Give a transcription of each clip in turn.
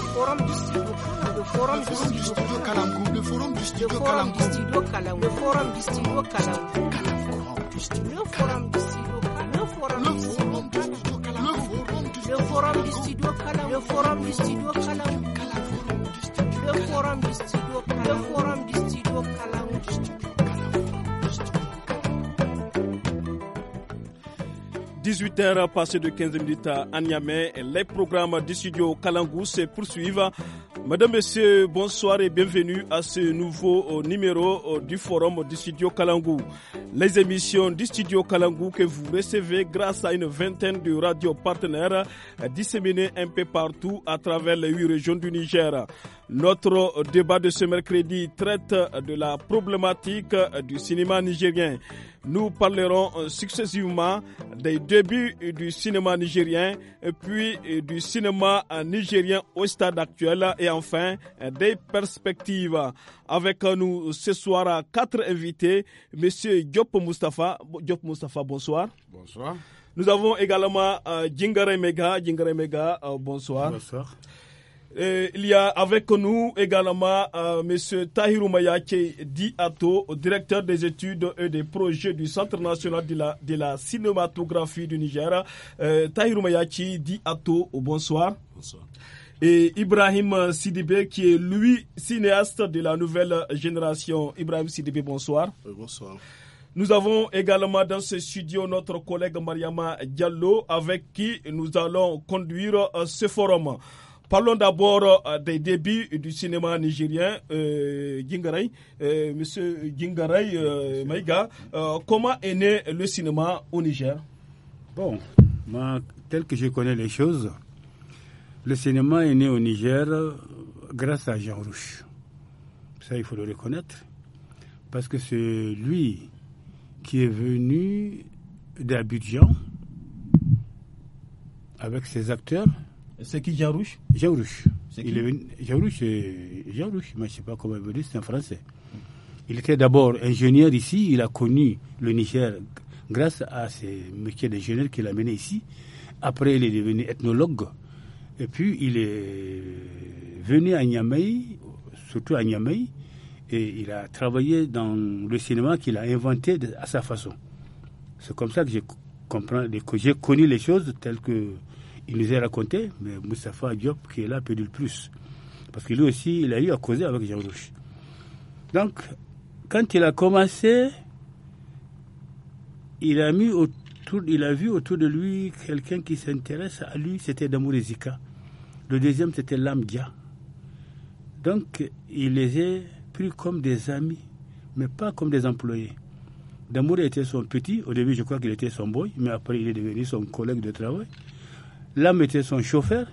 le forum du studio le forum du studio le forum du studio le forum du studio le forum du forum du forum du studio le forum du forum du studio forum 18h passé de 15 minutes à Niamey. Les programmes du studio Kalangou se poursuivent. Mesdames, Messieurs, bonsoir et bienvenue à ce nouveau euh, numéro euh, du forum du studio Kalangou. Les émissions du studio Kalangou que vous recevez grâce à une vingtaine de radios partenaires euh, disséminées un peu partout à travers les huit régions du Niger. Notre débat de ce mercredi traite de la problématique du cinéma nigérien. Nous parlerons successivement des débuts du cinéma nigérien, puis du cinéma nigérien au stade actuel et enfin des perspectives. Avec nous ce soir, quatre invités. Monsieur Diop Mustafa. Diop Mustafa, bonsoir. Bonsoir. Nous avons également euh, Djingare Mega. Djingare Mega, euh, bonsoir. Bonsoir il y a avec nous également euh, Monsieur M. Tahirou Di Ato, directeur des études et des projets du Centre national de la, cinématographie du Niger. Tahiru euh, Tahirou Di Diato, bonsoir. Bonsoir. Et Ibrahim Sidibé, qui est lui cinéaste de la nouvelle génération. Ibrahim Sidibé, bonsoir. bonsoir. Nous avons également dans ce studio notre collègue Mariama Diallo, avec qui nous allons conduire euh, ce forum. Parlons d'abord euh, des débuts du cinéma nigérien. Euh, euh, Monsieur Gingarei Maïga, comment est né le cinéma au Niger Bon, tel que je connais les choses, le cinéma est né au Niger grâce à Jean Rouch. Ça, il faut le reconnaître. Parce que c'est lui qui est venu d'Abidjan avec ses acteurs c'est qui jean Jarouche. Est il est Jarouche, mais je ne sais pas comment il est venu, c'est un Français. Il était d'abord ingénieur ici, il a connu le Niger grâce à ses métiers d'ingénieur qu'il a mené ici. Après, il est devenu ethnologue. Et puis, il est venu à Niamey, surtout à Niamey, et il a travaillé dans le cinéma qu'il a inventé à sa façon. C'est comme ça que j'ai connu les choses telles que il nous a raconté, mais Moustapha Diop qui est là peut le plus. Parce que lui aussi, il a eu à causer avec Jean Rouge. Donc, quand il a commencé, il a, mis autour, il a vu autour de lui quelqu'un qui s'intéresse à lui, c'était Damourezika. Le deuxième, c'était Lamdia. Donc, il les a pris comme des amis, mais pas comme des employés. Damour était son petit, au début je crois qu'il était son boy, mais après il est devenu son collègue de travail. L'homme était son chauffeur.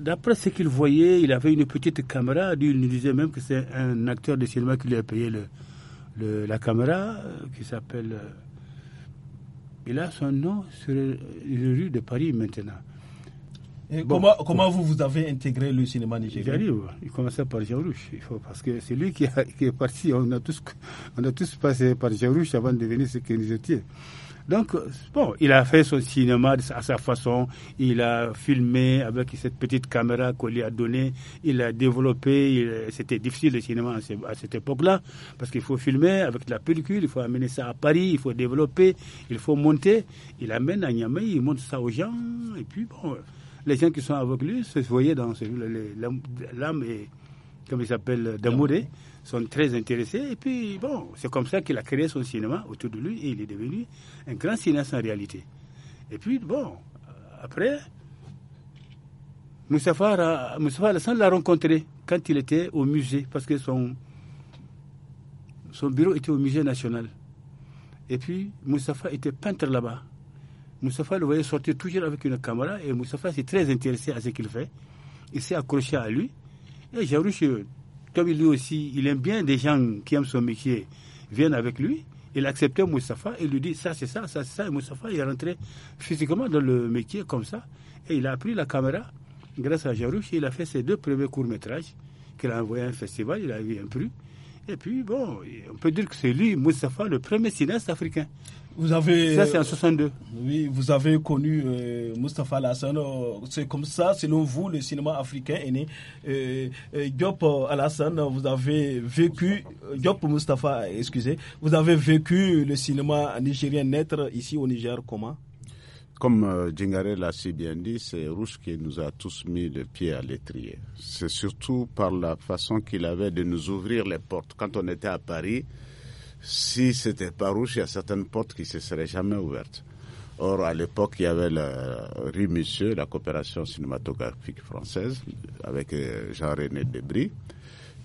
D'après ce qu'il voyait, il avait une petite caméra. Il nous disait même que c'est un acteur de cinéma qui lui a payé le, la caméra, euh, qui s'appelle. Euh, il a son nom sur une rue de Paris maintenant. comment, vous, vous avez intégré le cinéma nigérian Il commençait par Jean Rouge. Il faut, parce que c'est lui qui, est parti. On a, tous, on a tous passé par Jean Rouge avant de devenir ce que nous étions. Donc, euh, bon, il a fait son cinéma à sa façon. Il a filmé avec cette petite caméra qu'on lui a donnée. Il a développé. Euh, c'était difficile le cinéma à cette époque-là parce qu'il faut filmer avec la pellicule. Il faut amener ça à Paris. Il faut développer. Il faut monter. Il amène à Niamey. Il montre ça aux gens. Et puis, bon, euh, les gens qui sont avec lui se voyaient dans l'âme et comme il s'appelle Damouré sont très intéressés. Et puis, bon, c'est comme ça qu'il a créé son cinéma autour de lui et il est devenu un grand cinéaste en réalité. Et puis, bon, euh, après, Moussafa l'a rencontré quand il était au musée, parce que son, son bureau était au musée national. Et puis, Moussafa était peintre là-bas. Moussafa le voyait sortir toujours avec une caméra et Moussafa s'est très intéressé à ce qu'il fait. Il s'est accroché à lui. Et j'ai Jarouche comme lui aussi, il aime bien des gens qui aiment son métier, viennent avec lui. Il acceptait Moussafa, il lui dit ça c'est ça, ça c'est ça. Et il est rentré physiquement dans le métier comme ça. Et il a pris la caméra grâce à Jarouche. Il a fait ses deux premiers courts-métrages qu'il a envoyé à un festival. Il a eu un prix. Et puis, bon, on peut dire que c'est lui, Moustapha, le premier cinéaste africain. Vous avez. Ça, c'est en 62. Oui, vous avez connu euh, Mustapha Alassane. C'est comme ça, selon vous, le cinéma africain est né. Euh, euh, Diop Alassane, vous avez vécu. Diop Mustapha, excusez. Vous avez vécu le cinéma nigérien naître ici au Niger comment comme euh, Djingare l'a si bien dit, c'est Rouge qui nous a tous mis le pied à l'étrier. C'est surtout par la façon qu'il avait de nous ouvrir les portes. Quand on était à Paris, si c'était pas Rouge, il y a certaines portes qui se seraient jamais ouvertes. Or, à l'époque, il y avait la rue Monsieur, la coopération cinématographique française, avec euh, Jean-René Debris.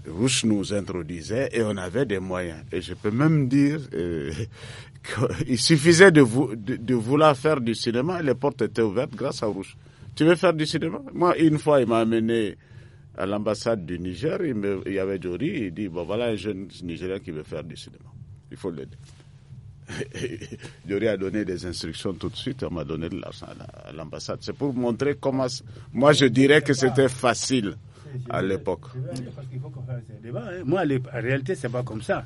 Rouge nous introduisait et on avait des moyens. Et je peux même dire, euh, il suffisait de, vouloir faire du cinéma et les portes étaient ouvertes grâce à Rouge. Tu veux faire du cinéma Moi, une fois, il m'a amené à l'ambassade du Niger, il, y avait Jory, il dit, bon voilà un jeune Nigérien qui veut faire du cinéma. Il faut l'aider. Jory a donné des instructions tout de suite, on m'a donné de l'argent à l'ambassade. C'est pour montrer comment... Moi, je dirais que c'était facile à l'époque. Hein. Moi, en réalité, c'est pas comme ça.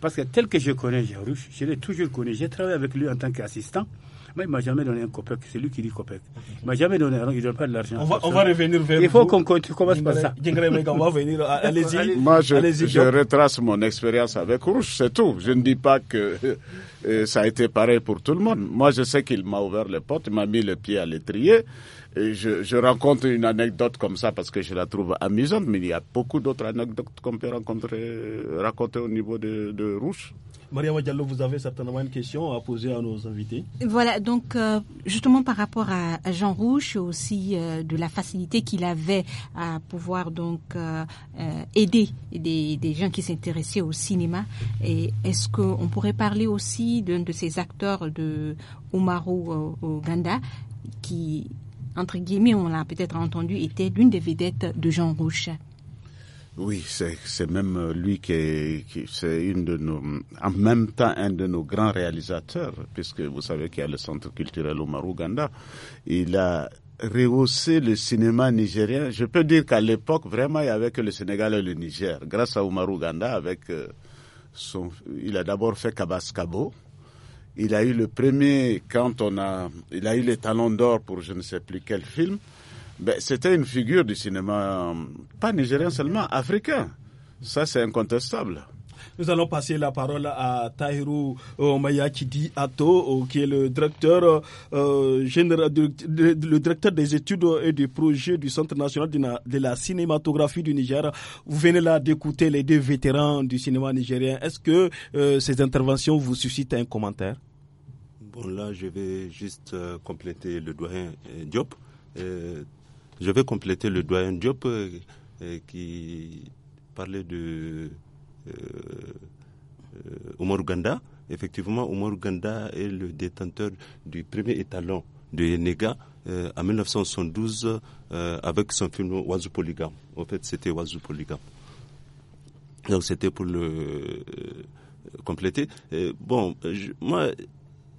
Parce que tel que je connais Jarouche, je l'ai toujours connu. J'ai travaillé avec lui en tant qu'assistant. Moi, il m'a jamais donné un copec. C'est lui qui dit copec. Il ne m'a jamais donné. Alors, il donne pas de l'argent. On va, revenir vers Il faut qu'on commence par ça. on va venir. Allez-y. Moi, je, retrace mon expérience avec Rouge, c'est tout. Je ne dis pas que euh, ça a été pareil pour tout le monde. Moi, je sais qu'il m'a ouvert les portes, il m'a mis le pied à l'étrier. Et je, je, rencontre une anecdote comme ça parce que je la trouve amusante, mais il y a beaucoup d'autres anecdotes qu'on peut rencontrer, raconter au niveau de, de Rouge. Maria Diallo, vous avez certainement une question à poser à nos invités. Voilà, donc euh, justement par rapport à, Jean Rouge aussi euh, de la facilité qu'il avait à pouvoir donc euh, aider des, des, gens qui s'intéressaient au cinéma. Et est-ce qu'on pourrait parler aussi d'un de ces acteurs de Umaru Uganda qui entre guillemets, on l'a peut-être entendu, était l'une des vedettes de Jean Rouge. Oui, c'est même euh, lui qui est, une de nos, en même temps un de nos grands réalisateurs, puisque vous savez qu'il y a le Centre culturel Omar Ganda. Il a rehaussé le cinéma nigérien. Je peux dire qu'à l'époque, vraiment, il n'y avait que le Sénégal et le Niger. Grâce à Omar Ganda, avec euh, son, il a d'abord fait Kabaskabo. Il a eu le premier, quand on a, il a eu les talons d'or pour je ne sais plus quel film. Ben, c'était une figure du cinéma, euh, pas nigérien seulement, africain. Ça, c'est incontestable. Nous allons passer la parole à Tahiru euh, Omayakidi Ato, euh, qui est le directeur, général, le directeur des études et des projets du Centre national de la cinématographie du Niger. Vous venez là d'écouter les deux vétérans du cinéma nigérien. Est-ce que ces interventions vous suscitent un commentaire Bon, là, je vais juste compléter le doyen Diop. Je vais compléter le doyen Diop euh, euh, qui parlait de euh, Omar Uganda. Effectivement, Omar Uganda est le détenteur du premier étalon de Yenega en 1972 avec son film Oiseau Polygame. En fait, c'était Oiseau Polygame. Donc, c'était pour le compléter. bon, moi,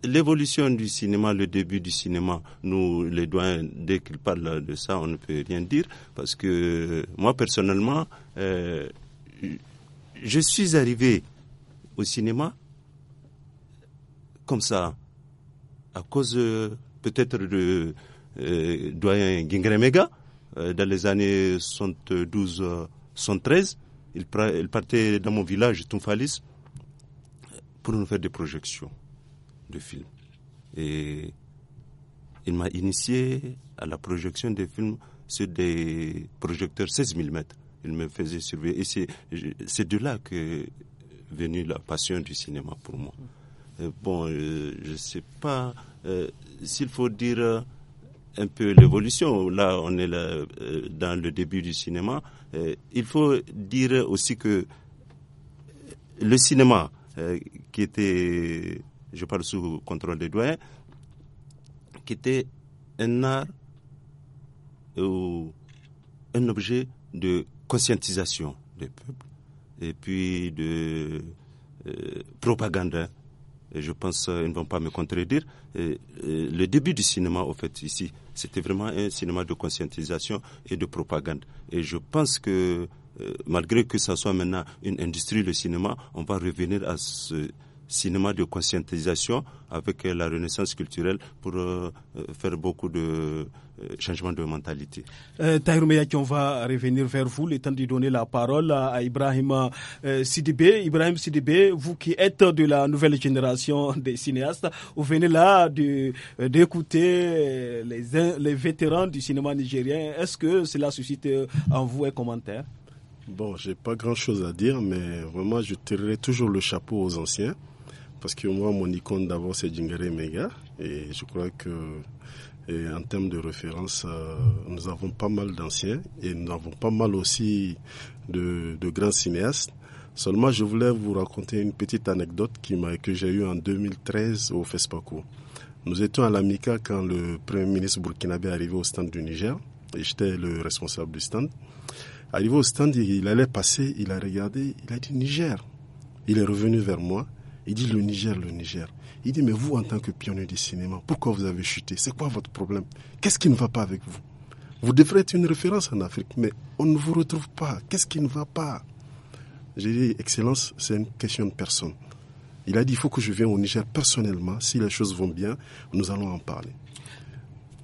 l'évolution du cinéma, le début du cinéma, nous, les doyens, dès qu'ils parlent de ça, on ne peut rien dire. Parce que moi, personnellement, euh, je suis arrivé au cinéma comme ça, à cause euh, peut-être de euh, doyen Gingremega, dans les années 72 113 Il, il partait dans mon village, Tumfalis, pour nous faire des projections de films. Et il m'a initié à la projection des films sur des projecteurs 16 mètres. Il me faisait surveiller. Et c'est de là que venue la passion du cinéma pour moi. Euh, bon, euh, je ne sais pas euh, s'il faut dire un peu l'évolution. Là, on est dans le début du cinéma. il faut dire aussi que le cinéma qui était je parle sous contrôle des doigts, qui était un art ou euh, un objet de conscientisation des peuples et puis de euh, propagande. Hein. Et je pense euh, ils ne vont pas me contredire. le début du cinéma, au fait, ici, c'était vraiment un cinéma de conscientisation et de propagande. Et je pense que, malgré que ça soit maintenant une industrie, le cinéma, on va revenir à ce cinéma de conscientisation avec euh, la renaissance culturelle pour euh, euh, faire beaucoup de changements de mentalité. Euh, Tahir on va revenir vers vous, le temps de donner la parole à, Ibrahim Sidibé. Ibrahim Sidibé, vous qui êtes de la nouvelle génération des cinéastes, vous venez là d'écouter les, les vétérans du cinéma nigérien. Est-ce que cela suscite en vous un commentaire Bon, j'ai pas grand chose à dire, mais vraiment, je tirerai toujours le chapeau aux anciens parce que moi, mon icône d'abord, c'est Jingare Mega. Et je crois que, en termes de référence, euh, nous avons pas mal d'anciens et nous avons pas mal aussi de, grands cinéastes. Seulement, je voulais vous raconter une petite anecdote qui que j'ai eue en 2013 au FESPACO. Nous étions à l'AMICA quand le Premier ministre burkinabé est arrivé au stand du Niger. Et j'étais le responsable du stand. Arrivé au stand, il allait passer, il a regardé, il a dit Niger. Il est revenu vers moi il dit le Niger, le Niger. Il dit mais vous en tant que pionnier du cinéma, pourquoi vous avez chuté C'est quoi votre problème Qu'est-ce qui ne va pas avec vous Vous devrez être une référence en Afrique, mais on ne vous retrouve pas. Qu'est-ce qui ne va pas J'ai dit excellence, c'est une question de personne. Il a dit il faut que je vienne au Niger personnellement. Si les choses vont bien, nous allons en parler.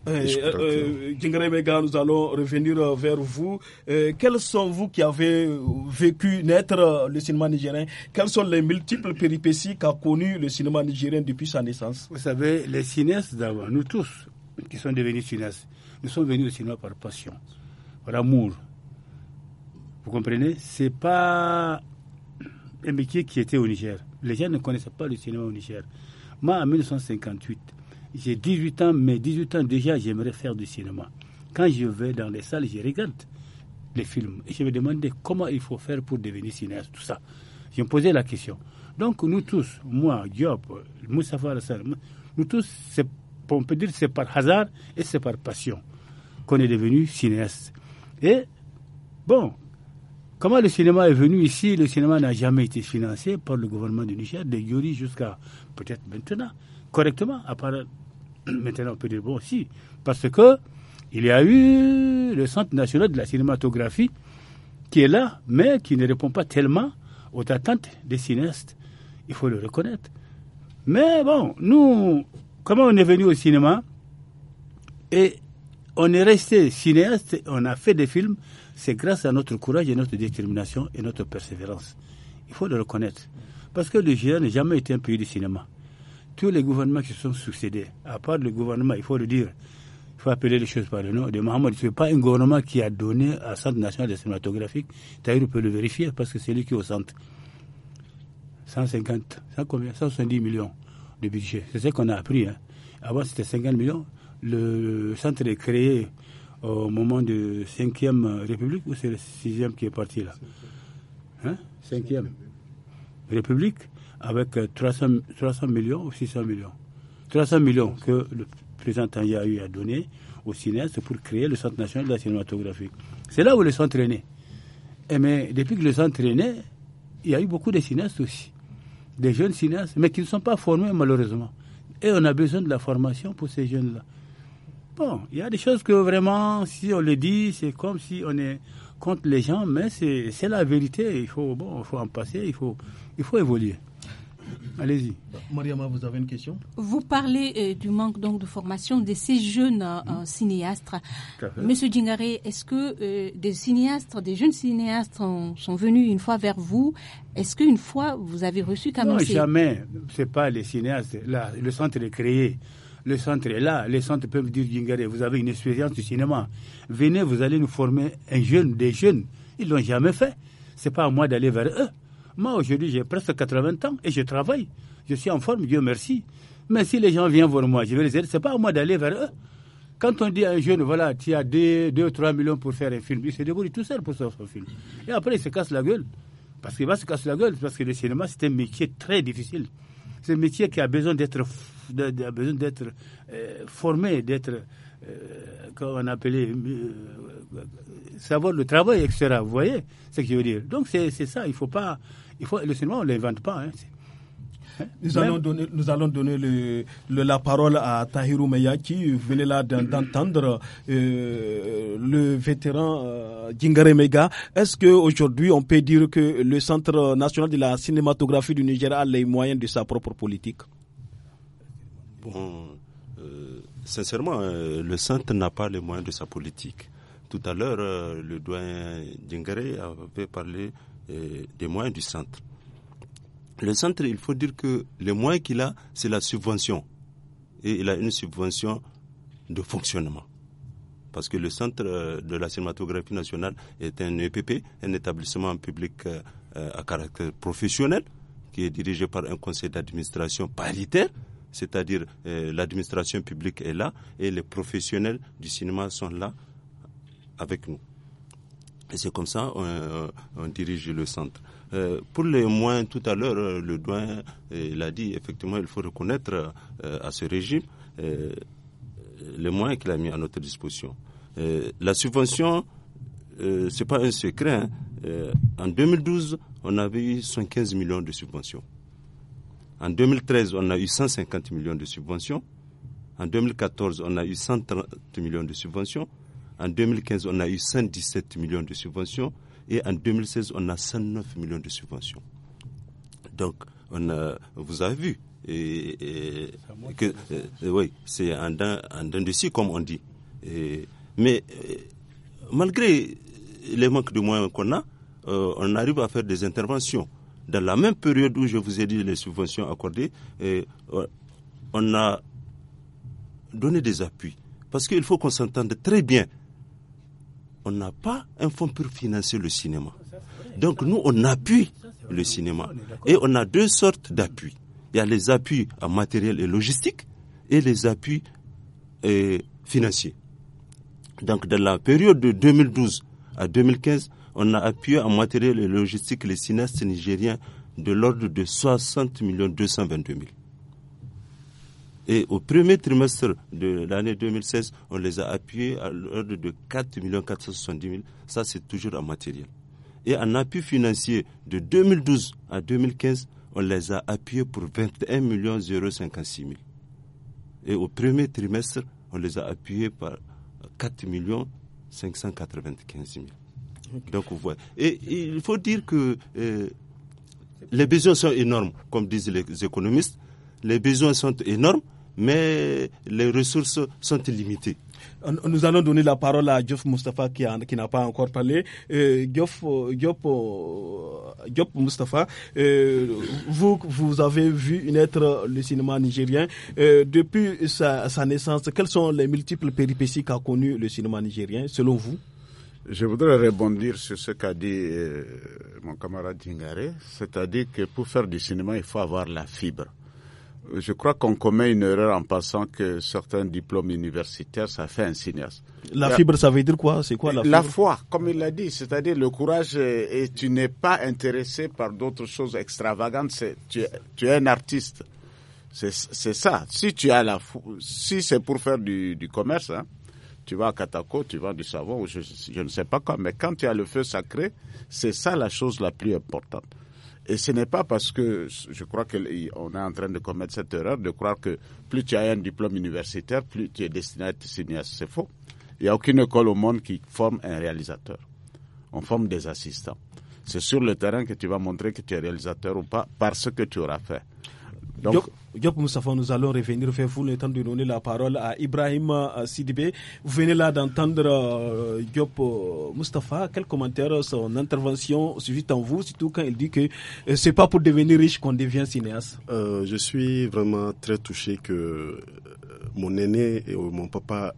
Euh, euh, euh Mega, nous allons revenir euh, vers vous. quels sont vous qui avez vécu naître le cinéma nigérien Quelles sont les multiples péripéties qu'a connu le cinéma nigérien depuis sa naissance Vous savez, les cinéastes d'avant, nous tous qui sommes devenus cinéastes, nous sommes venus au cinéma par passion, par amour. Vous comprenez C'est pas un métier qui était au Niger. Les gens ne connaissaient pas le cinéma au Niger. Moi, en 1958, j'ai 18 ans, mais 18 ans déjà, j'aimerais faire du cinéma. Quand je vais dans les salles, je regarde les films et je me demandais comment il faut faire pour devenir cinéaste, tout ça. Je me posais la question. Donc nous tous, moi, Diop, Moussa Farah, nous tous, on peut dire c'est par hasard et c'est par passion qu'on est devenu cinéaste. Et bon, comment le cinéma est venu ici Le cinéma n'a jamais été financé par le gouvernement du Niger, de Yuri jusqu'à peut-être maintenant, correctement, à part Maintenant, on peut dire bon, si, parce que il y a eu le Centre national de la cinématographie qui est là, mais qui ne répond pas tellement aux attentes des cinéastes. Il faut le reconnaître. Mais bon, nous, comment on est venu au cinéma et on est resté cinéaste, on a fait des films, c'est grâce à notre courage et notre détermination et notre persévérance. Il faut le reconnaître. Parce que le Géant n'a jamais été un pays du cinéma tous les gouvernements qui se sont succédés, à part le gouvernement, il faut le dire, il faut appeler les choses par le nom de Mohamed. Ce n'est pas un gouvernement qui a donné à Centre national de cinématographique. D'ailleurs, on peut le vérifier parce que c'est lui qui est au centre. 150, combien 170 millions de budget. C'est ce qu'on a appris. Hein. Avant, c'était 50 millions. Le centre est créé au moment de 5e République ou c'est le 6e qui est parti là 5e hein? République avec 300, euh, 300 millions ou 600 millions. 300 millions que le président Tanya a eu à donner au cinéaste pour créer le Centre national de la cinématographie. C'est là où ils sont est Et mais depuis que le centre entraînés, il y a eu beaucoup de cinéastes aussi, des jeunes cinéastes, mais qui ne sont pas formés malheureusement. Et on a besoin de la formation pour ces jeunes-là. Bon, il y a des choses que vraiment, si on le dit, c'est comme si on est contre les gens, mais c'est la vérité. Il faut, bon, faut en passer, il faut, il faut évoluer. Allez-y. Mariama, vous avez une question Vous parlez euh, du manque donc, de formation de ces jeunes euh, hmm. cinéastes. Monsieur Djingaré, est-ce que euh, des cinéastes, des jeunes cinéastes sont venus une fois vers vous Est-ce qu'une fois, vous avez reçu quand même Non, jamais. Ce pas les cinéastes. Là, le centre est créé. Le centre est là. Les centres peuvent dire, Djingaré, vous avez une expérience du cinéma. Venez, vous allez nous former un jeune, des jeunes. Ils ne l'ont jamais fait. c'est pas à moi d'aller vers eux. Moi, aujourd'hui, j'ai presque 80 ans et je travaille. Je suis en forme, Dieu merci. Mais si les gens viennent voir moi, je vais les aider. Ce n'est pas à moi d'aller vers eux. Quand on dit à un jeune, voilà, tu as 2 ou 3 millions pour faire un film, il se débrouille tout seul pour faire son film. Et après, il se casse la gueule. Parce qu'il va se casser la gueule, parce que le cinéma, c'est un métier très difficile. C'est un métier qui a besoin d'être besoin d'être euh, formé, d'être, euh, on appelait, euh, savoir le travail, etc. Vous voyez ce que je veux dire Donc, c'est ça, il ne faut pas il faut, le cinéma, on ne l'invente pas. Hein. Nous, allons donner, nous allons donner le, la parole à Tahirou Meya qui venait là d'entendre euh, le vétéran euh, Djingare Mega. Est-ce qu'aujourd'hui on peut dire que le Centre national de la cinématographie du Niger a les moyens de sa propre politique Bon, euh, sincèrement, le Centre n'a pas les moyens de sa politique. Tout à l'heure, le doyen Gingare avait parlé euh, des moyens du centre. Le centre, il faut dire que les moyens qu'il a, c'est la subvention. Et il a une subvention de fonctionnement. Parce que le centre euh, de la cinématographie nationale est un EPP, un établissement public euh, à caractère professionnel, qui est dirigé par un conseil d'administration paritaire c'est-à-dire l'administration publique est là et les professionnels du cinéma sont là avec nous c'est comme ça on, euh, dirige le centre. Euh, pour les moins, tout à l'heure, euh, le doyen l'a dit, effectivement, il faut reconnaître à ce régime les moyens qu'il a mis à notre disposition. la subvention, ce n'est pas un secret. Hein. en 2012, on avait eu 115 millions de subventions. En 2013, on a eu 150 millions de subventions. En 2014, on a eu 130 millions de subventions. En 2015, on a eu 117 millions de subventions et en 2016, on a 109 millions de subventions. Donc, on a, vous avez vu. Et, que, euh, oui, c'est en dents de comme on dit. mais euh, malgré les manques de moyens qu'on a, euh, on arrive à faire des interventions. Dans la même période où je vous ai dit les subventions accordées, on a donné des appuis. Parce qu'il faut qu'on s'entende très bien on n'a pas un fonds pour financer le cinéma. Donc nous, on appuie le cinéma. Et on a deux sortes d'appuis. Il y a les appuis en matériel et logistique et les appuis euh, financiers. Donc dans la période de 2012 à 2015, on a appuyé en matériel et logistique les cinéastes nigériens de l'ordre de 60 222 000. Et au premier trimestre de l'année 2016, on les a appuyés à l'ordre de 4 470 000. Ça, c'est toujours en matériel. Et en appui financier de 2012 à 2015, on les a appuyés pour 21 056 000. Et au premier trimestre, on les a appuyés par 4 595 000. Donc, vous voyez. Et il faut dire que euh, les besoins sont énormes, comme disent les économistes. Les besoins sont énormes mais les ressources sont illimitées. Euh, nous allons donner la parole à Diop Mustafa qui, n'a pas encore parlé. Euh, Diop, euh, euh, Mustafa, vous, avez vu naître le cinéma nigérien. depuis sa, naissance, quelles sont les multiples péripéties qu'a connu le cinéma nigérien selon vous Je voudrais rebondir sur ce qu'a dit mon camarade Dingare, c'est-à-dire que pour faire du cinéma, il faut avoir la fibre je crois qu'on commet une erreur en pensant que certains diplômes universitaires, ça fait un cinéaste. La fibre, ça veut dire quoi C'est quoi la fibre La foi, comme il l'a dit, c'est-à-dire le courage et tu n'es pas intéressé par d'autres choses extravagantes. Tu es, un artiste. C'est ça. Si tu si c'est pour faire du, commerce, hein, tu vas à Katako, tu vas du savon, je, je ne sais pas quoi. Mais quand tu as le feu sacré, c'est ça la chose la plus importante. Et ce n'est pas parce que je crois qu'on est en train de commettre cette erreur de croire que plus tu as un diplôme universitaire, plus tu es destiné à être signé cinéaste. C'est faux. Il n'y a aucune école au monde qui forme un réalisateur. On forme des assistants. C'est sur le terrain que tu vas montrer que tu es réalisateur ou pas parce que tu auras fait. Donc, Diop Moustapha, nous allons revenir faire vous le temps de donner la parole à Ibrahim euh, Sidibé. Vous venez là d'entendre Yop euh, Diop euh, Moustapha. Quel commentaire son intervention suscite en vous, surtout quand il dit que ce c'est pas pour devenir riche qu'on devient cinéaste Je suis vraiment très touché que mon aîné et mon papa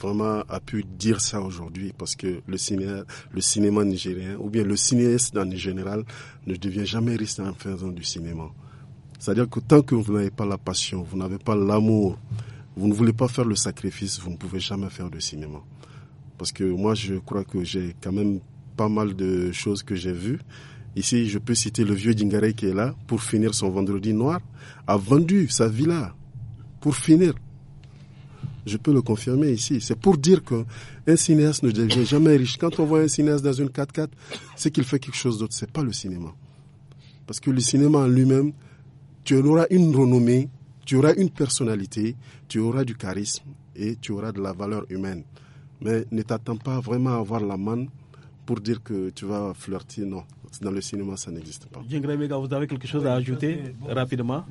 vraiment a pu dire ça aujourd'hui parce que le cinéma, le cinéma nigérien ou bien le cinéaste en général ne devient jamais riche en faisant du cinéma. C'est-à-dire que tant que vous n'avez pas la passion, vous n'avez pas l'amour, vous ne voulez pas faire le sacrifice, vous ne pouvez jamais faire de cinéma. Parce que moi, je crois que j'ai quand même pas mal de choses que j'ai vues. Ici, je peux citer le vieux Dingare qui est là pour finir son vendredi noir, a vendu sa villa pour finir. Je peux le confirmer ici. C'est pour dire que un cinéaste ne devient jamais riche. Quand on voit un cinéaste dans une 4x4, c'est qu'il fait quelque chose d'autre. C'est pas le cinéma. Parce que le cinéma en lui-même, tu auras une renommée, tu auras une personnalité, tu auras du charisme et tu auras de la valeur humaine. Mais ne t'attends pas vraiment à avoir la manne pour dire que tu vas flirter, non. Dans le cinéma, ça n'existe pas. vous avez quelque chose à ajouter rapidement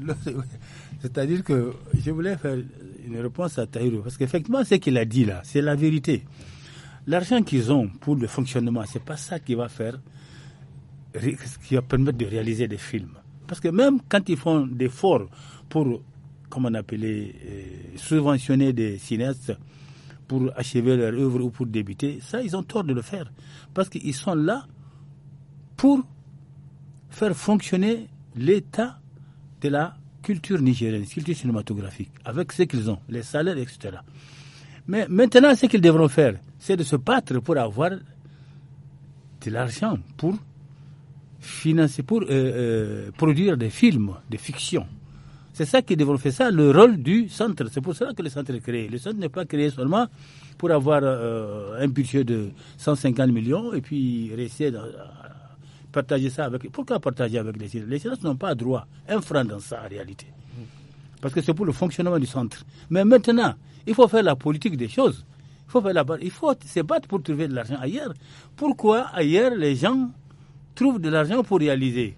C'est-à-dire que je voulais faire une réponse à Taïro, parce qu'effectivement, ce qu'il a dit là, c'est la vérité. L'argent qu'ils ont pour le fonctionnement, ce n'est pas ça qui va faire, qui va permettre de réaliser des films. Parce que même quand ils font des efforts pour, comment on appelait, euh, subventionner des cinéastes pour achever leur œuvre ou pour débuter, ça, ils ont tort de le faire. Parce qu'ils sont là pour faire fonctionner l'état de la culture nigérienne, culture cinématographique, avec ce qu'ils ont, les salaires, etc. Mais maintenant, ce qu'ils devront faire, c'est de se battre pour avoir de l'argent, pour financer, pour euh, euh, produire des films, des fictions. C'est ça qui faire ça, le rôle du centre. C'est pour cela que le centre est créé. Le centre n'est pas créé seulement pour avoir euh, un budget de 150 millions et puis rester à partager ça avec. Pourquoi partager avec les gens Les gens n'ont pas droit, un franc dans ça en réalité. Parce que c'est pour le fonctionnement du centre. Mais maintenant, il faut faire la politique des choses. Il faut, faire la, il faut se battre pour trouver de l'argent ailleurs. Pourquoi ailleurs les gens trouve de l'argent pour réaliser.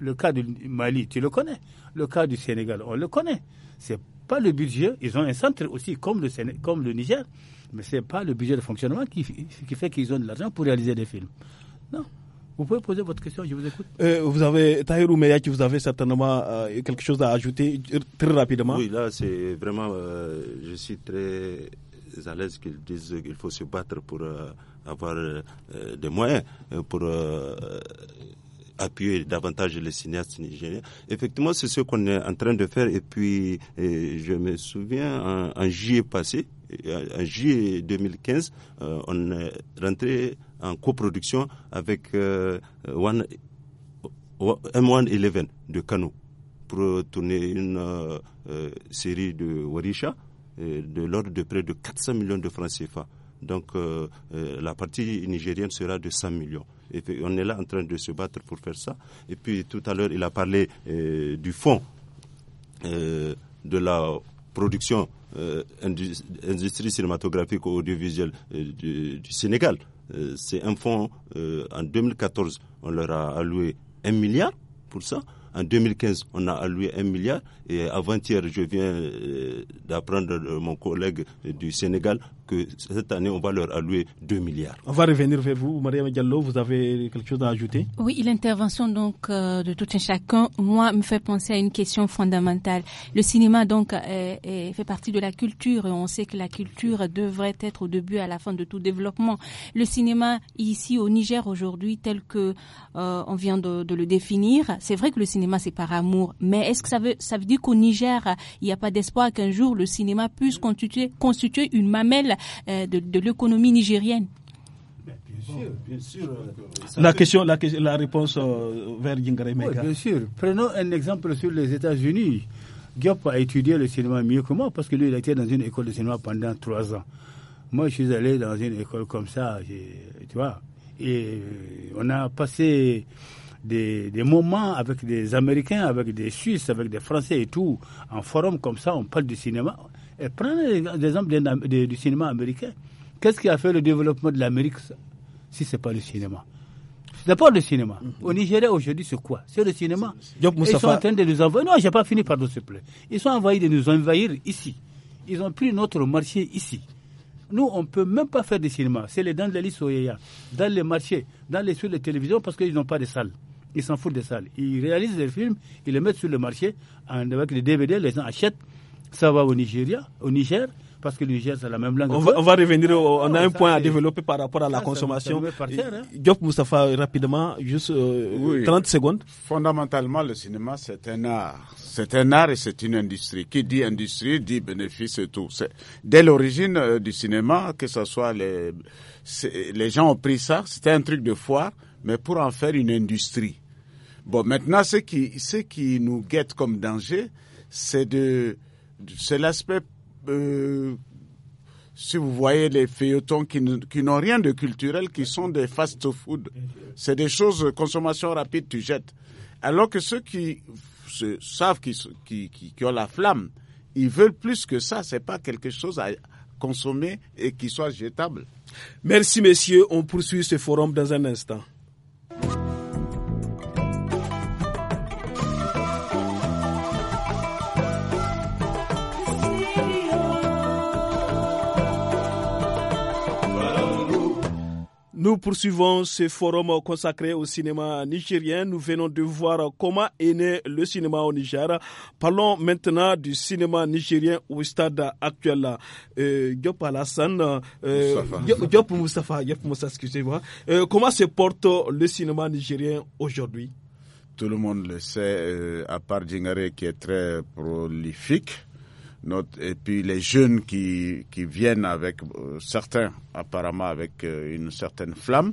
le cas du Mali, tu le connais. Le cas du Sénégal, on le connaît. C'est pas le budget. Ils ont un centre aussi, comme le, comme le Niger. Mais c'est pas le budget de fonctionnement qui, qui fait qu'ils ont de l'argent pour réaliser des films. Non. Vous pouvez poser votre question, je vous écoute. Euh, vous avez, vous avez certainement euh, quelque chose à ajouter euh, très rapidement. Oui, là, c'est vraiment, je suis très à l'aise qu'ils disent qu'il faut se battre pour avoir euh, euh, des moyens euh, pour appuyer davantage les cinéastes nigériens. Effectivement, c'est ce qu'on est en train de faire. Et puis, je me souviens, en, juillet passé, en juillet 2015, on est rentré en coproduction avec One, M111 de Kano pour tourner une série de Warisha de l'ordre de près de 400 millions de francs CFA. Donc euh, euh, la partie nigérienne sera de 100 millions. Et on est là en train de se battre pour faire ça. Et puis tout à l'heure, il a parlé euh, du fonds de la production industrie, cinématographique audiovisuelle du, Sénégal. C'est un fonds, en 2014, on leur a alloué un milliard pour ça. En 2015, on a alloué un milliard. Et avant-hier, je viens d'apprendre mon collègue du Sénégal que cette année, on va leur allouer 2 milliards. On va revenir vers vous, Maria Diallo. Vous avez quelque chose à ajouter Oui, l'intervention donc euh, de tout un chacun, moi, me fait penser à une question fondamentale. Le cinéma donc euh, fait partie de la culture. Et on sait que la culture devrait être au début, à la fin de tout développement. Le cinéma ici au Niger aujourd'hui, tel que euh, on vient de, le définir, c'est vrai que le cinéma c'est par amour, mais est-ce que ça veut ça veut dire qu'au Niger il n'y a pas d'espoir qu'un jour le cinéma puisse constituer constituer une mamelle euh, de, l'économie nigérienne Bien sûr, bien sûr. Euh, la réponse euh, vers Gingare bien sûr. Prenons un exemple sur les États-Unis. Diop a étudié le cinéma mieux que moi parce que lui, il a été dans une école de cinéma pendant trois ans. Moi, je suis allé dans une école comme ça, tu vois. Et on a passé des, des, moments avec des Américains, avec des Suisses, avec des Français et tout, en forum comme ça, on parle du cinéma. Et prenez l'exemple du cinéma américain. Qu'est-ce qui a fait le développement de l'Amérique si ce n'est pas le cinéma pas le cinéma. Au Nigeria aujourd'hui, c'est quoi C'est le cinéma. Ils sont en train de nous envahir. Non, j'ai pas fini, pardon, s'il vous plaît. Ils sont envahis de nous envahir ici. Ils ont pris notre marché ici. Nous, on ne peut même pas faire de cinéma. C'est les dans les listes dans les marchés, dans les sur les télévisions, parce qu'ils n'ont pas de salles. Ils s'en foutent des salles. Ils réalisent des films, ils les mettent sur le marché, avec les DVD, les gens achètent ça va au Nigeria, au Niger, parce que le Niger, c'est la même langue. On va, on revenir, on a un point à développer par rapport à la ah, consommation. Hein. Euh, Diop Moustapha, rapidement, juste 30 euh, secondes. Fondamentalement, le cinéma, c'est un art. C'est un art et c'est une industrie. Qui dit industrie dit bénéfice et tout. Dès l'origine euh, du cinéma, que ce soit les, les gens ont pris ça, c'était un truc de foire, mais pour en faire une industrie. Bon, maintenant, ce qui, ce qui nous guette comme danger, c'est de c'est l'aspect, euh, si vous voyez les feuilletons qui, n'ont rien de culturel, qui sont des fast-food. C'est des choses, consommation rapide, tu jettes. Alors que ceux qui se, savent qui, ont la flamme, ils veulent plus que ça. C'est pas quelque chose à consommer et qui soit jetable. Merci, messieurs. On poursuit ce forum dans un instant. poursuivons ce forum consacré au cinéma nigérien. Nous venons de voir comment est né le cinéma au Niger. Parlons maintenant du cinéma nigérien au stade actuel. Euh, comment se porte le cinéma nigérien aujourd'hui Tout le monde le sait, euh, à part Djingare qui est très prolifique et puis les jeunes qui, viennent avec euh, certains, apparemment avec euh, une certaine flamme,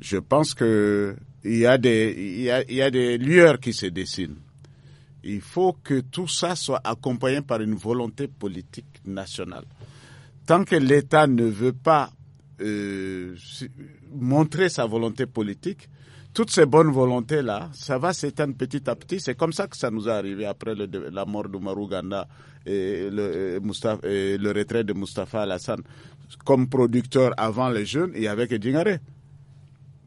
je pense que il y a des, des lueurs qui se dessinent. Il faut que tout ça soit accompagné par une volonté politique nationale. Tant que l'État ne veut pas euh, montrer sa volonté politique, toutes ces bonnes volontés-là, ça va s'éteindre petit à petit. C'est comme ça que ça nous est arrivé après la mort de Maruganda le, le retrait de mustafa Alassane comme producteur avant les jeunes et avec Edingaré.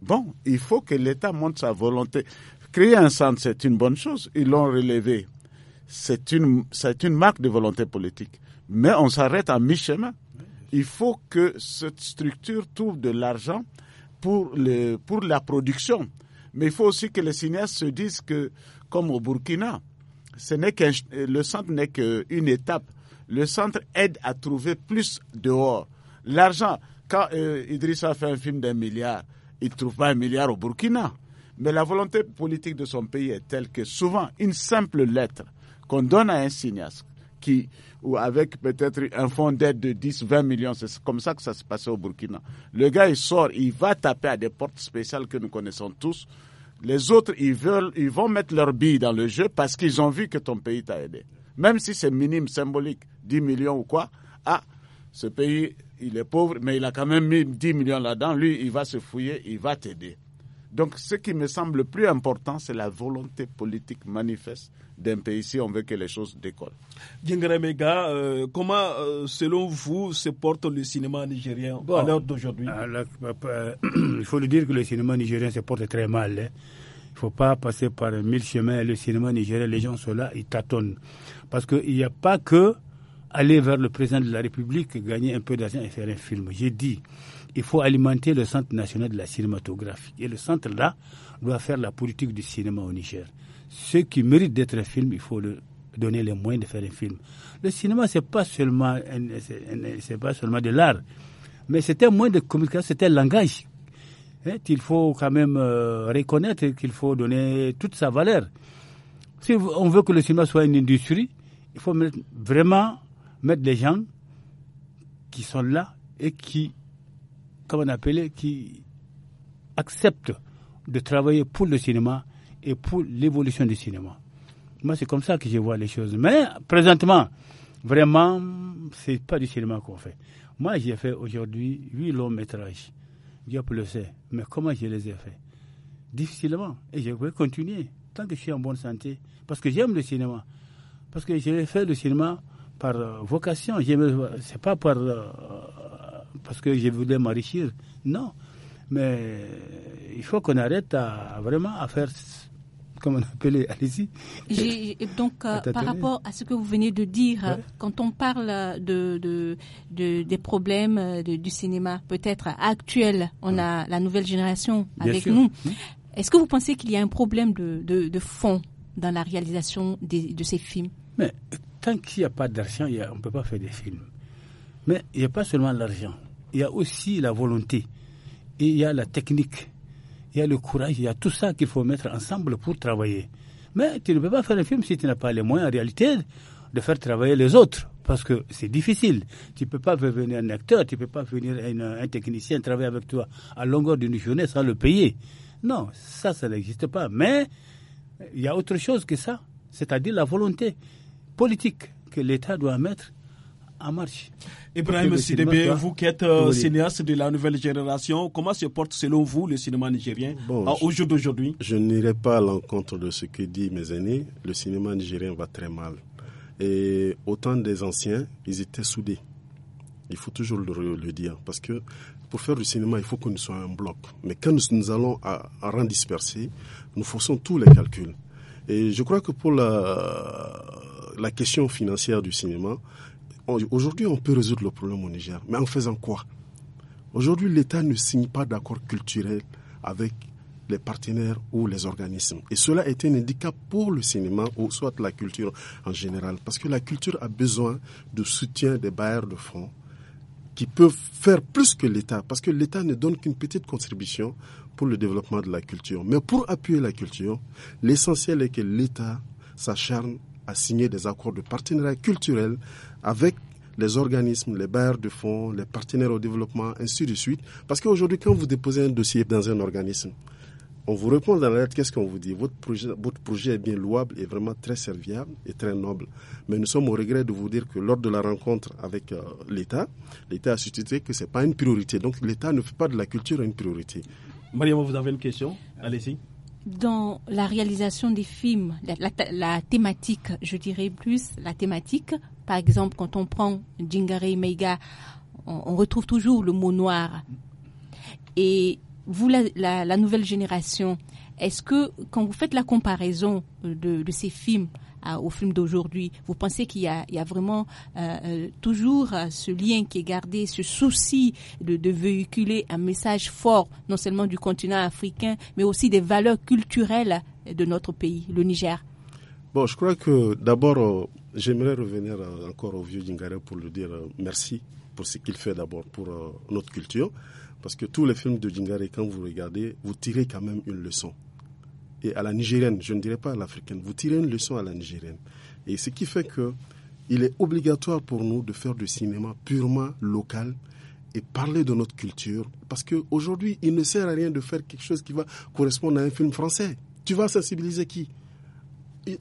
Bon, il faut que l'État montre sa volonté. Créer un centre, c'est une bonne chose. Ils l'ont relevé. C'est une, c'est une marque de volonté politique. Mais on s'arrête à mi-chemin. Il faut que cette structure trouve de l'argent pour, le, pour la production. Mais il faut aussi que les cinéastes se disent que, comme au Burkina, ce n'est euh, le centre n'est qu'une étape. Le centre aide à trouver plus dehors. L'argent, quand euh, Idrissa fait un film d'un milliard, il ne trouve pas un milliard au Burkina. Mais la volonté politique de son pays est telle que souvent, une simple lettre qu'on donne à un cinéaste, qui, ou avec peut-être un fonds d'aide de 10, 20 millions, c'est comme ça que ça se passait au Burkina. Le gars, il sort, il va taper à des portes spéciales que nous connaissons tous les autres, ils veulent, ils vont mettre leur bille dans le jeu parce qu'ils ont vu que ton pays t'a aidé. Même si c'est minime, symbolique, 10 millions ou quoi. Ah, ce pays, il est pauvre, mais il a quand même mis 10 millions là-dedans. Lui, il va se fouiller, il va t'aider. Donc ce qui me semble le plus important, c'est la volonté politique manifeste d'un pays si on veut que les choses décollent. Gingre Mega, euh, comment, euh, selon vous, se porte le cinéma nigérien à l'heure d'aujourd'hui euh, Il faut le dire que le cinéma nigérien se porte très mal. Hein. Il ne faut pas passer par mille chemins. Le cinéma nigérien, les gens sont là, ils tâtonnent. Parce qu'il n'y a pas que aller vers le président de la République, gagner un peu d'argent et faire un film. J'ai dit, il faut alimenter le Centre national de la cinématographie. Et le centre-là doit faire la politique du cinéma au Niger. Ceux qui méritent d'être un film, il faut leur donner les moyens de faire un film. Le cinéma, c'est pas seulement, c'est pas seulement de l'art, mais c'est un moyen de communication, c'est un langage hein, Il faut quand même euh, reconnaître, qu'il faut donner toute sa valeur. Si on veut que le cinéma soit une industrie, il faut vraiment mettre des gens qui sont là et qui, comme on appelait, qui acceptent de travailler pour le cinéma et pour l'évolution du cinéma. Moi, c'est comme ça que je vois les choses. Mais présentement, vraiment, c'est pas du cinéma qu'on fait. Moi, j'ai fait aujourd'hui huit longs métrages. Dieu le sait. Mais comment je les ai faits Difficilement. Et je vais continuer tant que je suis en bonne santé. Parce que j'aime le cinéma. Parce que j'ai fait le cinéma par euh, vocation. C'est pas par euh, parce que je voulais m'enrichir. Non. Mais euh, il faut qu'on arrête à, vraiment à faire comme on appelait allez-y. Donc, par rapport à ce que vous venez de dire, quand on parle de, de, des problèmes du cinéma, peut-être actuel, on a la nouvelle génération avec nous. Mmh. Est-ce que vous pensez qu'il y a un problème de, fond dans la réalisation de ces films tant qu'il n'y a pas d'argent, on ne peut pas faire des films. Mais il n'y a pas seulement l'argent, il y a aussi la volonté, et il y a la technique, il y a le courage, il y a tout ça qu'il faut mettre ensemble pour travailler. Mais tu ne peux pas faire un film si tu n'as pas les moyens en réalité de faire travailler les autres. Parce que c'est difficile. Tu ne peux pas faire venir un acteur, tu ne peux pas venir un, technicien travailler avec toi à longueur d'une journée sans le payer. Non, ça, ça n'existe pas. Mais il y a autre chose que ça, c'est-à-dire la volonté politique que l'État doit mettre en marche. Ibrahim Sidibé, vous qui êtes euh, cinéaste de la nouvelle génération, comment se porte selon vous le cinéma nigérien euh, au jour d'aujourd'hui Je, n'irai pas à l'encontre de ce que disent mes aînés. Le cinéma nigérien va très mal. Et autant des anciens, ils étaient soudés. Il faut toujours le, dire. Parce que pour faire du cinéma, il faut que nous soyons un bloc. Mais quand nous, allons à, à rang dispersé, nous forçons tous les calculs. Et je crois que pour la la question financière du cinéma, aujourd'hui on peut résoudre le problème au Niger, mais en faisant quoi Aujourd'hui l'État ne signe pas d'accord culturel avec les partenaires ou les organismes. Et cela est un handicap pour le cinéma ou soit la culture en général, parce que la culture a besoin de soutien des bailleurs de fonds qui peuvent faire plus que l'État, parce que l'État ne donne qu'une petite contribution pour le développement de la culture. Mais pour appuyer la culture, l'essentiel est que l'État s'acharne à signer des accords de partenariat culturel avec les organismes, les bailleurs de fonds, les partenaires au développement, ainsi de suite. Parce qu'aujourd'hui, quand vous déposez un dossier dans un organisme, on vous répond dans la lettre, qu'est-ce qu'on vous dit votre projet, votre projet est bien louable et vraiment très serviable et très noble. Mais nous sommes au regret de vous dire que lors de la rencontre avec euh, l'État, l'État a suscité que ce n'est pas une priorité. Donc l'État ne fait pas de la culture une priorité. Mariam, vous avez une question Allez-y dans la réalisation des films, la, thématique, je dirais plus, la thématique, par exemple, quand on prend Jingare Meiga, on, retrouve toujours le mot noir. Et vous, la, nouvelle génération, est-ce que quand vous faites la comparaison de ces films au film d'aujourd'hui Vous pensez qu'il y, a, vraiment euh, euh, toujours euh, ce lien qui est gardé, ce souci de, véhiculer un message fort, non seulement du continent africain, mais aussi des valeurs culturelles de notre pays, le Niger Bon, je crois que d'abord, j'aimerais revenir encore au vieux Djingare pour lui dire merci pour ce qu'il fait d'abord pour notre culture. Parce que tous les films de Djingare, quand vous regardez, vous tirez quand même une leçon et à la nigérienne, je ne dirais pas à l'africaine, vous tirez une leçon à la nigérienne. Et ce qui fait que il est obligatoire pour nous de faire du cinéma purement local et parler de notre culture. Parce qu'aujourd'hui, il ne sert à rien de faire quelque chose qui va correspondre à un film français. Tu vas sensibiliser qui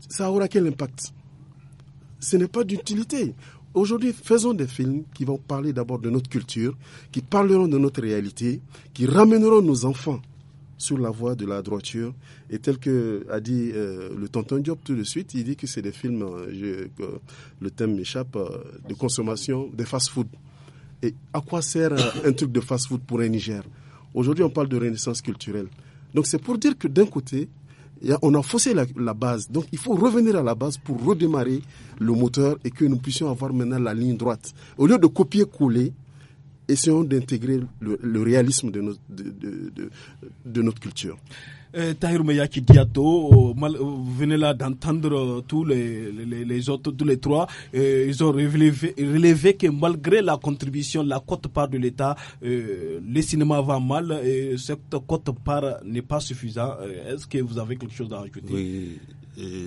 Ça aura quel impact Ce n'est pas d'utilité. Aujourd'hui, faisons des films qui vont parler d'abord de notre culture, qui parleront de notre réalité, qui ramèneront nos enfants sur la voie de la droiture. Et tel que a dit euh, le tonton Diop tout de suite, il dit que c'est des films, euh, le thème m'échappe, euh, de consommation, des fast-food. Et à quoi sert un truc de fast-food pour un Niger Aujourd'hui, on parle de renaissance culturelle. Donc c'est pour dire que d'un côté, on a faussé la, la, base. Donc il faut revenir à la base pour redémarrer le moteur et que nous puissions avoir maintenant la ligne droite. Au lieu de copier-coller, essayons d'intégrer le, réalisme de, de, notre culture. Euh, Tahir Meyaki Diato, euh, euh, vous venez là d'entendre euh, tous les, les, autres, tous les trois, ils ont relevé, relevé, que malgré la contribution, la cote-part de l'État, le cinéma va mal et cette cote-part n'est pas suffisante. Est-ce que vous avez quelque chose à ajouter Oui,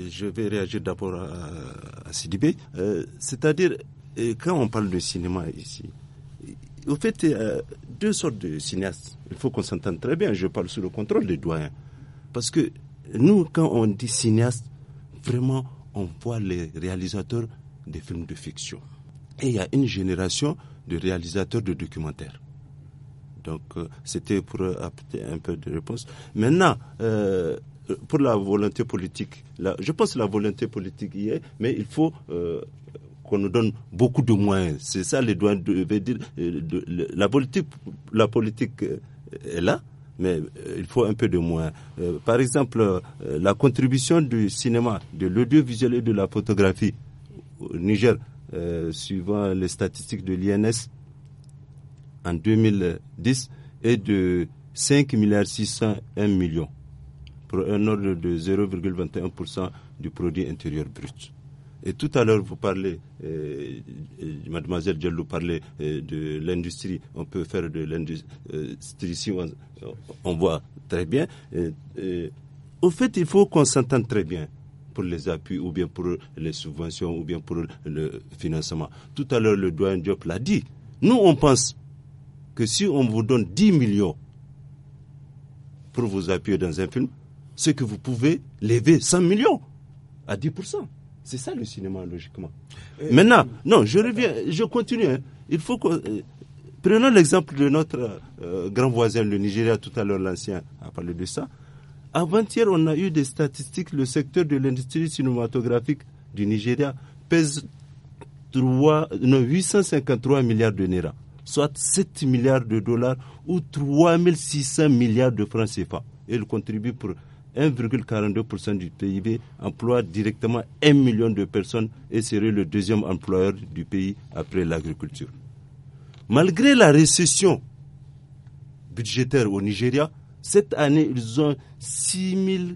je vais réagir d'abord à, à C'est-à-dire, quand on parle de cinéma ici, au fait, euh, deux sortes de cinéastes. Il faut qu'on s'entende très bien. Je parle sous le contrôle des doyens. Parce que nous, quand on dit cinéaste, vraiment, on voit les réalisateurs des films de fiction. Et il y a une génération de réalisateurs de documentaires. Donc, euh, c'était pour apporter un peu de réponse. Maintenant, euh, pour la volonté politique, je pense que la volonté politique y est, mais il faut qu'on nous donne beaucoup de moyens. C'est ça les douanes veut dire euh, la politique la politique euh, est là mais euh, il faut un peu de moyens. par exemple, la contribution du cinéma, de l'audiovisuel et de la photographie au Niger, suivant les statistiques de l'INS en 2010, est de 5 milliards 601 millions pour un ordre de 0,21% du produit intérieur brut. Et tout à l'heure, vous parlez, euh, mademoiselle Diallo parlait euh, de l'industrie. On peut faire de l'industrie on, voit très bien. au fait, il faut qu'on s'entende très bien pour les appuis ou bien pour les subventions ou bien pour le financement. Tout à l'heure, le doyen Diop l'a dit. Nous, on pense que si on vous donne 10 millions pour vous appuyer dans un film, c'est que vous pouvez lever 100 millions à 10%. C'est ça le cinéma, logiquement. Euh, Maintenant, non, je reviens, je continue. Hein. Il faut que. Euh, prenons l'exemple de notre euh, grand voisin, le Nigeria, tout à l'heure, l'ancien a parlé de ça. Avant-hier, on a eu des statistiques. Le secteur de l'industrie cinématographique du Nigeria pèse 853 milliards de Naira, soit 7 milliards de dollars ou 3600 milliards de francs CFA. Et il contribue pour 1,42% du PIB emploie directement 1 million de personnes et serait le deuxième employeur du pays après l'agriculture. Malgré la récession budgétaire au Nigeria, cette année, ils ont 6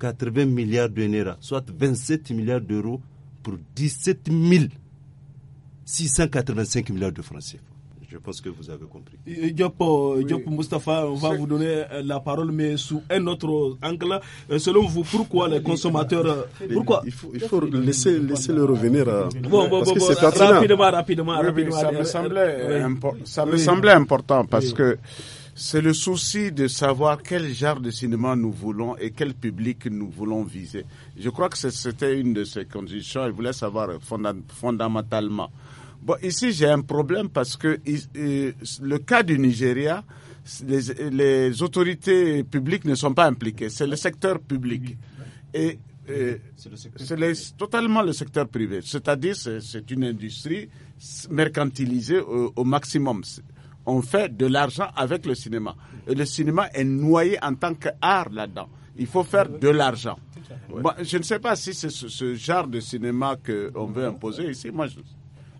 080 milliards de Naira, soit 27 milliards d'euros pour 17 685 milliards de francs je pense que vous avez compris. Euh, Diop, euh, oui. Mustafa, on va vous donner la parole, mais sous un autre angle. Euh, selon vous, pourquoi les consommateurs. Pourquoi il faut, laisser, laisser le revenir. Bon, bon, parce rapidement, rapidement, rapidement. ça me semblait, ça me semblait important parce que c'est le souci de savoir quel genre de cinéma nous voulons et quel public nous voulons viser. Je crois que c'était une de ces conditions. Je voulais savoir fondamentalement Bon, ici, j'ai un problème parce que le cas du Nigeria, les, autorités publiques ne sont pas impliquées. C'est le secteur public. Et euh, c'est totalement le secteur privé. C'est-à-dire, c'est une industrie mercantilisée au, maximum. On fait de l'argent avec le cinéma. Et le cinéma est noyé en tant qu'art là-dedans. Il faut faire de l'argent. je ne sais pas si c'est ce, genre de cinéma qu'on veut imposer ici. Moi, je,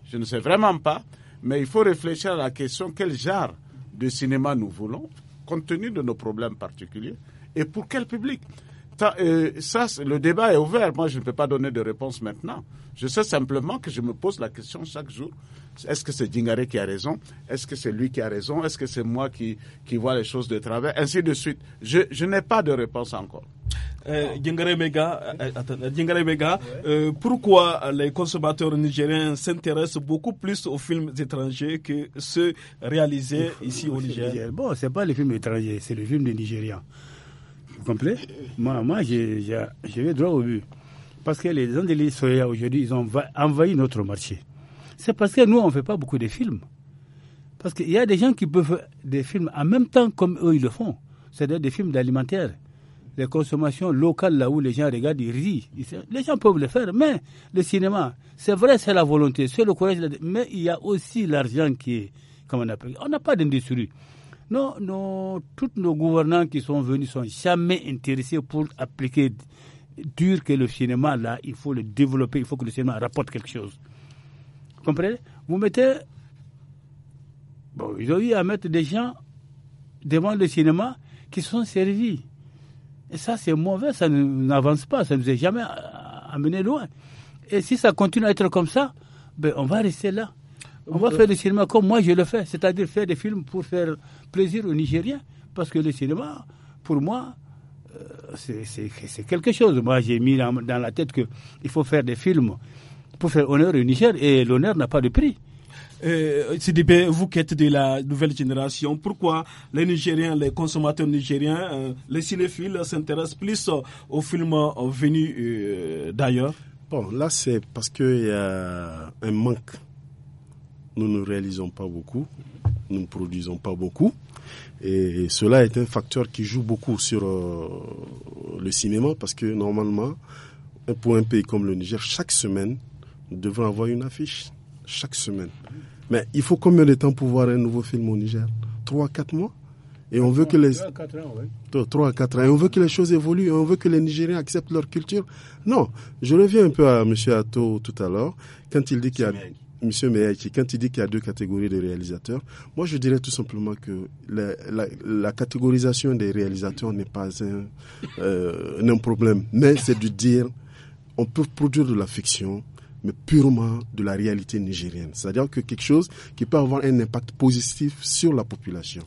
je ne sais vraiment pas, mais il faut réfléchir à la question quel genre de cinéma nous voulons, compte tenu de nos problèmes particuliers, et pour quel public. Euh, le débat est ouvert. Moi, je ne peux pas donner de réponse maintenant. Je sais simplement que je me pose la question chaque jour. Est-ce que c'est Dingare qui a raison Est-ce que c'est lui qui a raison Est-ce que c'est moi qui, vois les choses de travers Ainsi de suite. je n'ai pas de réponse encore. Euh, euh, euh, pourquoi les consommateurs nigériens s'intéressent beaucoup plus aux films étrangers que ceux réalisés ici au Niger Bon, c'est pas les films étrangers, c'est les films des Nigériens. Vous comprenez Moi, j'ai je droit au but. Parce que les de aujourd'hui, ils ont envahi notre marché. C'est parce que nous, on ne fait pas beaucoup de films. Parce qu'il y a des gens qui peuvent faire des films en même temps comme eux, ils le font. C'est-à-dire des films d'alimentaire les consommations locales, là où les gens regardent, ils rient. Les gens peuvent le faire, mais le cinéma, c'est vrai, c'est la volonté, c'est le courage, mais il y a aussi l'argent qui est, comme on appelle, on n'a pas d'industrie. Non, non, tous nos gouvernants qui sont venus sont jamais intéressés pour appliquer dur que le cinéma, là, il faut le développer, il faut que le cinéma rapporte quelque chose. Vous comprenez Vous mettez... Bon, ils ont eu à mettre des gens devant le cinéma qui sont servis ça, c'est mauvais, ça n'avance pas, ça ne nous est jamais euh, amené loin. Et si ça continue à être comme ça, ben, on va rester là. On va faire le cinéma comme moi je le fais, c'est-à-dire faire des films pour faire plaisir aux Nigériens. Parce que le cinéma, pour moi, euh, c'est quelque chose. Moi, j'ai mis dans, la tête qu'il faut faire des films pour faire honneur au Niger et l'honneur n'a pas de prix euh, vous qui êtes de la nouvelle génération, pourquoi les Nigériens, les consommateurs nigériens, euh, les cinéphiles s'intéressent plus euh, aux films euh, venus d'ailleurs Bon, là c'est parce qu'il y a un manque. Nous ne réalisons pas beaucoup, nous ne produisons pas beaucoup. Et cela est un facteur qui joue beaucoup sur le cinéma parce que normalement, pour un pays comme le Niger, chaque semaine, nous devons avoir une affiche chaque semaine. Mais il faut combien de temps pour voir un nouveau film au Niger 3 4 mois et on veut que les 3 à 4 ans, ans. Et on veut que les choses évoluent, et on veut que les Nigériens acceptent leur culture. Non, je reviens un peu à M. Ato tout à l'heure, quand il dit qu'il y a Monsieur quand il dit qu'il y a deux catégories de réalisateurs, moi je dirais tout simplement que la, catégorisation des réalisateurs n'est pas un, euh, un problème, mais c'est de dire on peut produire de la fiction, mais purement de la réalité nigérienne. C'est-à-dire que quelque chose qui peut avoir un impact positif sur la population.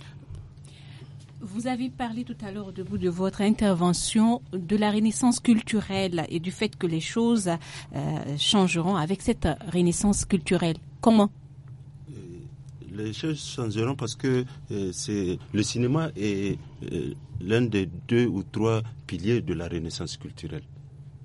Vous avez parlé tout à l'heure au début de votre intervention de la renaissance culturelle et du fait que les choses euh, changeront avec cette renaissance culturelle. Comment euh, Les choses changeront parce que euh, c'est le cinéma est l'un des deux ou trois piliers de la renaissance culturelle.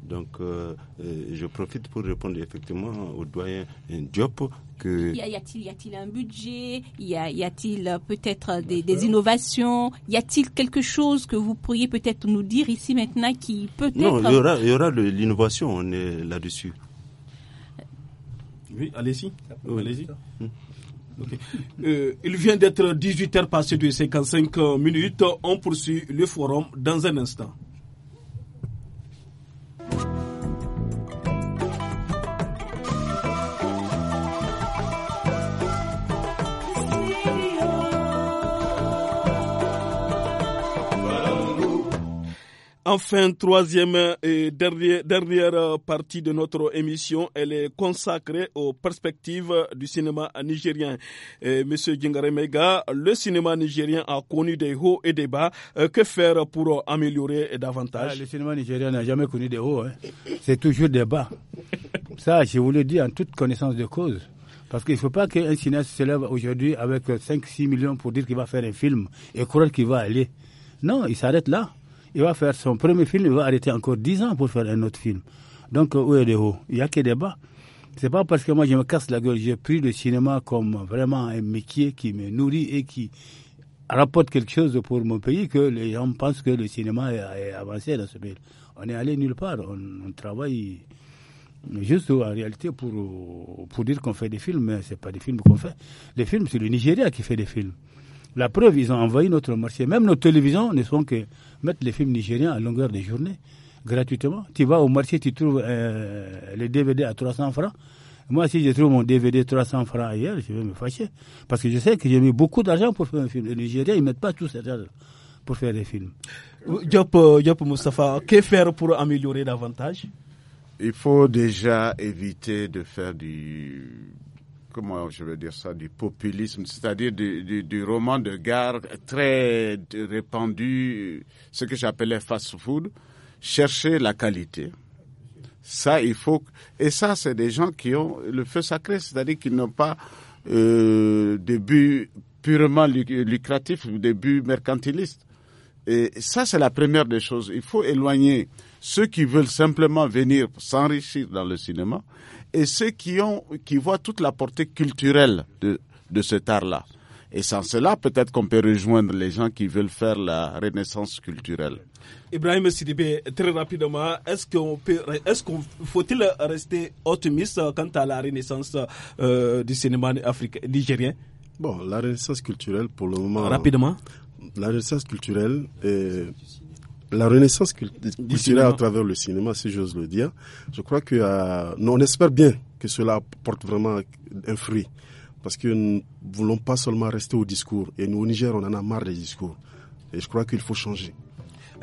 Donc, euh, euh, je profite pour répondre effectivement au doyen euh, Diop que... Y a-t-il un budget Y a-t-il peut-être des, innovations Y a-t-il quelque chose que vous pourriez peut-être nous dire ici maintenant qui peut-être... Non, il y aura, l'innovation, on est là-dessus. Oui, allez-y. Hmm. il vient d'être 18h passé de 55 minutes. On poursuit le forum dans un instant. Enfin, troisième et dernière, partie de notre émission, elle est consacrée aux perspectives du cinéma nigérien. Monsieur Mega, le cinéma nigérien a connu des hauts et des bas. Euh, que faire pour améliorer davantage ah, Le cinéma nigérien n'a jamais connu des hauts. Hein. C'est toujours des bas. Ça, je vous le dis en toute connaissance de cause. Parce qu'il ne faut pas qu'un cinéaste se lève aujourd'hui avec 5-6 millions pour dire qu'il va faire un film et croire qu'il va aller. Non, il s'arrête là il va faire son premier film, il va arrêter encore 10 ans pour faire un autre film. Donc, euh, où est le haut Il n'y a que des bas. C'est pas parce que moi je me casse la gueule, j'ai pris le cinéma comme vraiment un métier qui me nourrit et qui rapporte quelque chose pour mon pays que les gens pensent que le cinéma est avancé dans ce pays. On est allé nulle part, on, travaille juste en réalité pour, pour dire qu'on fait des films, mais ce c'est pas des films qu'on fait. Les films, c'est le Nigeria qui fait des films. La preuve, ils ont envoyé notre marché. Même nos télévisions ne sont que mettre les films nigériens à longueur de journée, gratuitement. Tu vas au marché, tu trouves euh, les DVD à 300 francs. Moi, si je trouve mon DVD 300 francs ailleurs, je vais me fâcher. Parce que je sais que j'ai mis beaucoup d'argent pour faire un film. Les Nigériens, ils ne mettent pas tout cet argent pour faire des films. Euh, Diop, euh, Diop Moustapha, que faire pour améliorer davantage Il faut déjà éviter de faire du moi je veux dire ça, du populisme, c'est-à-dire du, du, roman de gare très répandu, ce que j'appelais fast-food, chercher la qualité. Ça, il faut. Et ça, c'est des gens qui ont le feu sacré, c'est-à-dire qu'ils n'ont pas euh, des buts purement lucratifs, des buts mercantilistes. Et ça, c'est la première des choses. Il faut éloigner ceux qui veulent simplement venir s'enrichir dans le cinéma et ceux qui, ont, qui voient toute la portée culturelle de, cet art-là. Et sans cela, peut-être qu'on peut rejoindre les gens qui veulent faire la renaissance culturelle. Ibrahim Sidibé, très rapidement, est-ce qu'on peut, est-ce qu'on, faut-il rester optimiste quant à la renaissance euh, du cinéma africain, nigérien Bon, la renaissance culturelle, pour le moment. Rapidement. La renaissance culturelle, est, la renaissance culturelle à travers le cinéma, si j'ose le dire. Je crois que euh, on espère bien que cela porte vraiment un fruit, parce que nous ne voulons pas seulement rester au discours. Et nous, au Niger, on en a marre des discours. Et je crois qu'il faut changer.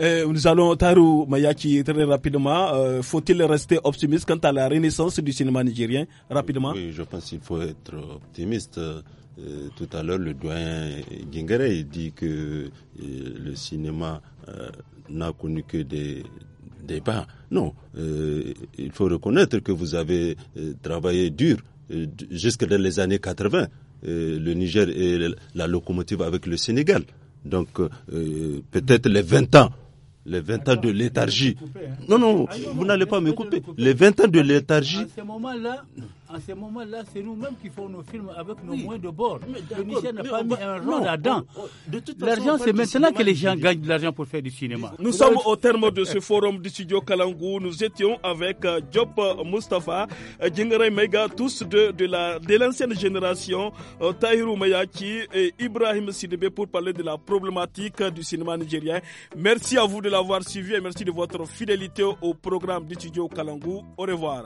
Euh, nous allons, tarou, Mayaki, très rapidement. Euh, faut-il rester optimiste quant à la renaissance du cinéma nigérien Rapidement. Oui, je pense qu'il faut être optimiste. tout à l'heure, le doyen Gingere dit que le cinéma n'a connu que des débats. Non, euh, il faut reconnaître que vous avez euh, travaillé dur euh, jusque dans les années 80. le Niger et la locomotive avec le Sénégal. Donc peut-être les 20 ans les 20 ans de léthargie. Non, non, vous n'allez pas me couper. Les 20 ans de léthargie en ce moment-là, c'est nous-mêmes qui faisons nos films avec nos moyens de bord. Le Niger n'a pas mis un rôle là-dedans. L'argent, c'est maintenant que les gens gagnent de l'argent pour faire du cinéma. Nous sommes au terme de ce forum du studio Kalangou. Nous étions avec euh, Diop euh, Mustafa, euh, Djingere Mega, tous deux de l'ancienne génération, Tahiru Mayaki et Ibrahim Sidebe pour parler de la problématique du cinéma nigérien. Merci à vous de l'avoir suivi et merci de votre fidélité au programme du studio Kalangou. Au revoir.